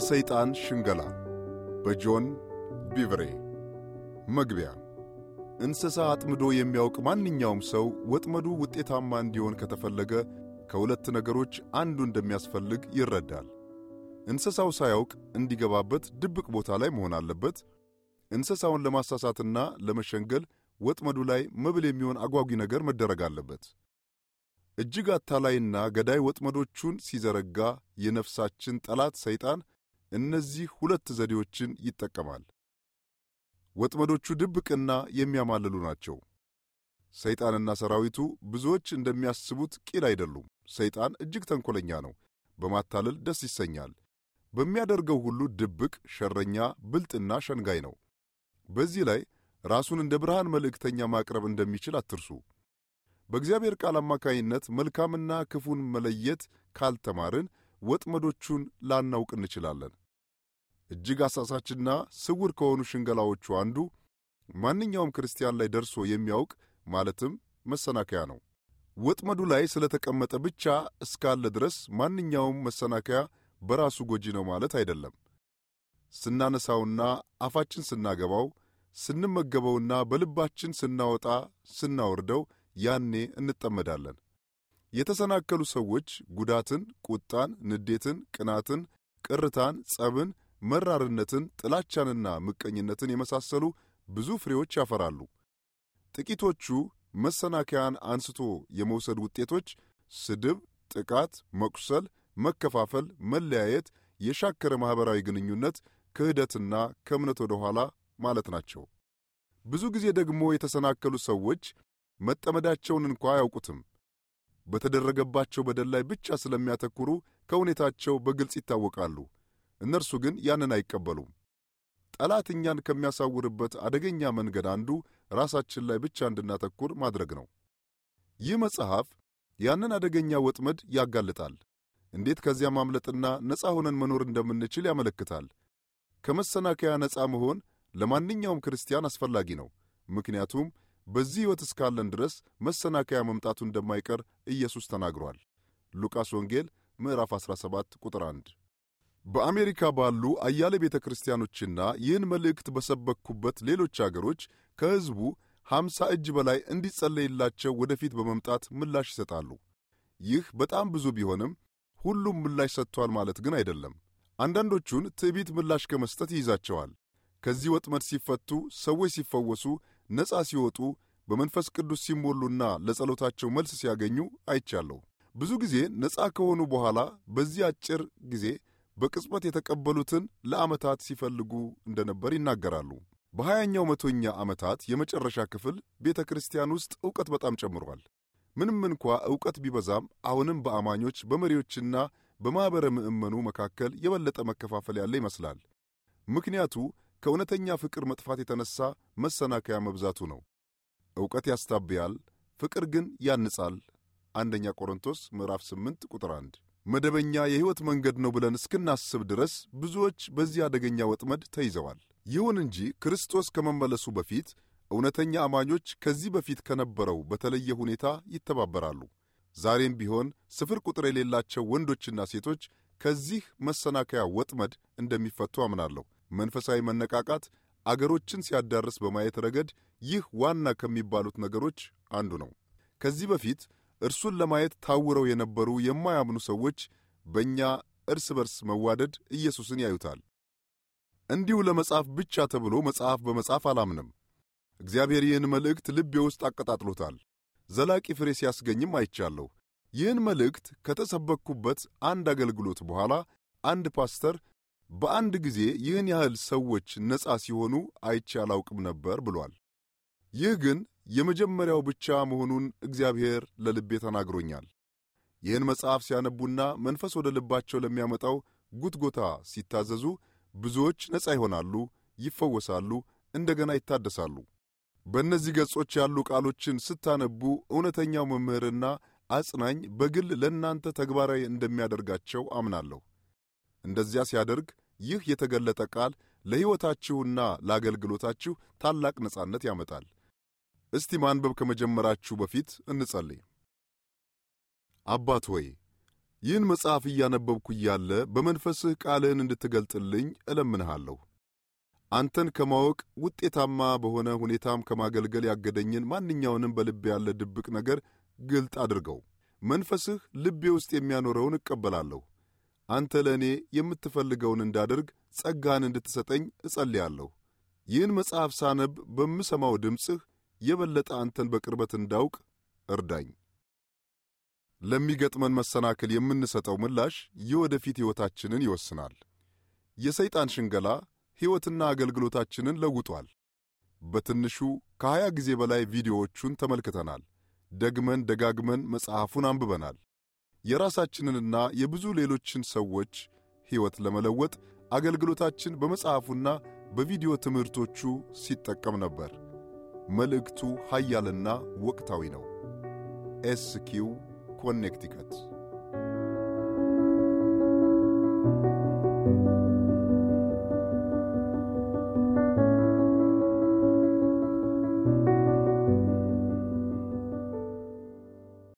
የሰይጣን ሽንገላ በጆን ቢቨሬ መግቢያ እንስሳ አጥምዶ የሚያውቅ ማንኛውም ሰው ወጥመዱ ውጤታማ እንዲሆን ከተፈለገ ከሁለት ነገሮች አንዱ እንደሚያስፈልግ ይረዳል። እንስሳው ሳያውቅ እንዲገባበት ድብቅ ቦታ ላይ መሆን አለበት። እንስሳውን ለማሳሳትና ለመሸንገል ወጥመዱ ላይ መብል የሚሆን አጓጊ ነገር መደረግ አለበት። እጅግ አታላይና ገዳይ ወጥመዶቹን ሲዘረጋ የነፍሳችን ጠላት ሰይጣን እነዚህ ሁለት ዘዴዎችን ይጠቀማል። ወጥመዶቹ ድብቅና የሚያማልሉ ናቸው። ሰይጣንና ሰራዊቱ ብዙዎች እንደሚያስቡት ቂል አይደሉም። ሰይጣን እጅግ ተንኮለኛ ነው። በማታለል ደስ ይሰኛል። በሚያደርገው ሁሉ ድብቅ፣ ሸረኛ፣ ብልጥና ሸንጋይ ነው። በዚህ ላይ ራሱን እንደ ብርሃን መልእክተኛ ማቅረብ እንደሚችል አትርሱ። በእግዚአብሔር ቃል አማካይነት መልካምና ክፉን መለየት ካልተማርን ወጥመዶቹን ላናውቅ እንችላለን። እጅግ አሳሳችና ስውር ከሆኑ ሽንገላዎቹ አንዱ ማንኛውም ክርስቲያን ላይ ደርሶ የሚያውቅ ማለትም መሰናከያ ነው። ወጥመዱ ላይ ስለተቀመጠ ብቻ እስካለ ድረስ ማንኛውም መሰናከያ በራሱ ጎጂ ነው ማለት አይደለም። ስናነሳውና አፋችን ስናገባው፣ ስንመገበውና በልባችን ስናወጣ ስናወርደው ያኔ እንጠመዳለን። የተሰናከሉ ሰዎች ጉዳትን፣ ቁጣን፣ ንዴትን፣ ቅናትን፣ ቅርታን፣ ጸብን መራርነትን፣ ጥላቻንና ምቀኝነትን የመሳሰሉ ብዙ ፍሬዎች ያፈራሉ። ጥቂቶቹ መሰናከያን አንስቶ የመውሰድ ውጤቶች ስድብ፣ ጥቃት፣ መቁሰል፣ መከፋፈል፣ መለያየት፣ የሻከረ ማኅበራዊ ግንኙነት፣ ክህደትና ከእምነት ወደ ኋላ ማለት ናቸው። ብዙ ጊዜ ደግሞ የተሰናከሉ ሰዎች መጠመዳቸውን እንኳ አያውቁትም። በተደረገባቸው በደል ላይ ብቻ ስለሚያተኩሩ ከሁኔታቸው በግልጽ ይታወቃሉ። እነርሱ ግን ያንን አይቀበሉም። ጠላት እኛን ከሚያሳውርበት አደገኛ መንገድ አንዱ ራሳችን ላይ ብቻ እንድናተኩር ማድረግ ነው። ይህ መጽሐፍ ያንን አደገኛ ወጥመድ ያጋልጣል። እንዴት ከዚያ ማምለጥና ነፃ ሆነን መኖር እንደምንችል ያመለክታል። ከመሰናከያ ነፃ መሆን ለማንኛውም ክርስቲያን አስፈላጊ ነው። ምክንያቱም በዚህ ሕይወት እስካለን ድረስ መሰናከያ መምጣቱ እንደማይቀር ኢየሱስ ተናግሯል። ሉቃስ ወንጌል ምዕራፍ 17 ቁጥር 1 በአሜሪካ ባሉ አያሌ ቤተ ክርስቲያኖችና ይህን መልእክት በሰበክኩበት ሌሎች አገሮች ከሕዝቡ ሀምሳ እጅ በላይ እንዲጸለይላቸው ወደፊት በመምጣት ምላሽ ይሰጣሉ። ይህ በጣም ብዙ ቢሆንም ሁሉም ምላሽ ሰጥቷል ማለት ግን አይደለም። አንዳንዶቹን ትዕቢት ምላሽ ከመስጠት ይይዛቸዋል። ከዚህ ወጥመድ ሲፈቱ፣ ሰዎች ሲፈወሱ፣ ነፃ ሲወጡ፣ በመንፈስ ቅዱስ ሲሞሉና ለጸሎታቸው መልስ ሲያገኙ አይቻለሁ። ብዙ ጊዜ ነፃ ከሆኑ በኋላ በዚህ አጭር ጊዜ በቅጽበት የተቀበሉትን ለዓመታት ሲፈልጉ እንደነበር ይናገራሉ። በ2ያኛው መቶኛ ዓመታት የመጨረሻ ክፍል ቤተ ክርስቲያን ውስጥ ዕውቀት በጣም ጨምሯል። ምንም እንኳ ዕውቀት ቢበዛም አሁንም በአማኞች በመሪዎችና በማኅበረ ምእመኑ መካከል የበለጠ መከፋፈል ያለ ይመስላል። ምክንያቱ ከእውነተኛ ፍቅር መጥፋት የተነሳ መሰናከያ መብዛቱ ነው። ዕውቀት ያስታብያል፣ ፍቅር ግን ያንጻል። አንደኛ ቆሮንቶስ ምዕራፍ 8 ቁጥር 1 መደበኛ የሕይወት መንገድ ነው ብለን እስክናስብ ድረስ ብዙዎች በዚህ አደገኛ ወጥመድ ተይዘዋል። ይሁን እንጂ ክርስቶስ ከመመለሱ በፊት እውነተኛ አማኞች ከዚህ በፊት ከነበረው በተለየ ሁኔታ ይተባበራሉ። ዛሬም ቢሆን ስፍር ቁጥር የሌላቸው ወንዶችና ሴቶች ከዚህ መሰናከያ ወጥመድ እንደሚፈቱ አምናለሁ። መንፈሳዊ መነቃቃት አገሮችን ሲያዳርስ በማየት ረገድ ይህ ዋና ከሚባሉት ነገሮች አንዱ ነው። ከዚህ በፊት እርሱን ለማየት ታውረው የነበሩ የማያምኑ ሰዎች በእኛ እርስ በርስ መዋደድ ኢየሱስን ያዩታል። እንዲሁ ለመጻፍ ብቻ ተብሎ መጽሐፍ በመጻፍ አላምንም። እግዚአብሔር ይህን መልእክት ልቤ ውስጥ አቀጣጥሎታል፣ ዘላቂ ፍሬ ሲያስገኝም አይቻለሁ። ይህን መልእክት ከተሰበክኩበት አንድ አገልግሎት በኋላ አንድ ፓስተር በአንድ ጊዜ ይህን ያህል ሰዎች ነፃ ሲሆኑ አይቼ አላውቅም ነበር ብሏል። ይህ ግን የመጀመሪያው ብቻ መሆኑን እግዚአብሔር ለልቤ ተናግሮኛል። ይህን መጽሐፍ ሲያነቡና መንፈስ ወደ ልባቸው ለሚያመጣው ጉትጎታ ሲታዘዙ ብዙዎች ነፃ ይሆናሉ፣ ይፈወሳሉ፣ እንደገና ይታደሳሉ። በእነዚህ ገጾች ያሉ ቃሎችን ስታነቡ እውነተኛው መምህርና አጽናኝ በግል ለእናንተ ተግባራዊ እንደሚያደርጋቸው አምናለሁ። እንደዚያ ሲያደርግ ይህ የተገለጠ ቃል ለሕይወታችሁና ለአገልግሎታችሁ ታላቅ ነጻነት ያመጣል። እስቲ ማንበብ ከመጀመራችሁ በፊት እንጸልይ። አባት ሆይ ይህን መጽሐፍ እያነበብኩ እያለ በመንፈስህ ቃልህን እንድትገልጥልኝ እለምንሃለሁ። አንተን ከማወቅ ውጤታማ በሆነ ሁኔታም ከማገልገል ያገደኝን ማንኛውንም በልብ ያለ ድብቅ ነገር ግልጥ አድርገው። መንፈስህ ልቤ ውስጥ የሚያኖረውን እቀበላለሁ። አንተ ለእኔ የምትፈልገውን እንዳደርግ ጸጋን እንድትሰጠኝ እጸልያለሁ። ይህን መጽሐፍ ሳነብ በምሰማው ድምፅህ የበለጠ አንተን በቅርበት እንዳውቅ እርዳኝ። ለሚገጥመን መሰናክል የምንሰጠው ምላሽ የወደፊት ሕይወታችንን ይወስናል። የሰይጣን ሽንገላ ሕይወትና አገልግሎታችንን ለውጧል። በትንሹ ከሀያ ጊዜ በላይ ቪዲዮዎቹን ተመልክተናል። ደግመን ደጋግመን መጽሐፉን አንብበናል። የራሳችንንና የብዙ ሌሎችን ሰዎች ሕይወት ለመለወጥ አገልግሎታችን በመጽሐፉና በቪዲዮ ትምህርቶቹ ሲጠቀም ነበር። መልእክቱ ኃያልና ወቅታዊ ነው። ኤስኪው ኮኔክቲከት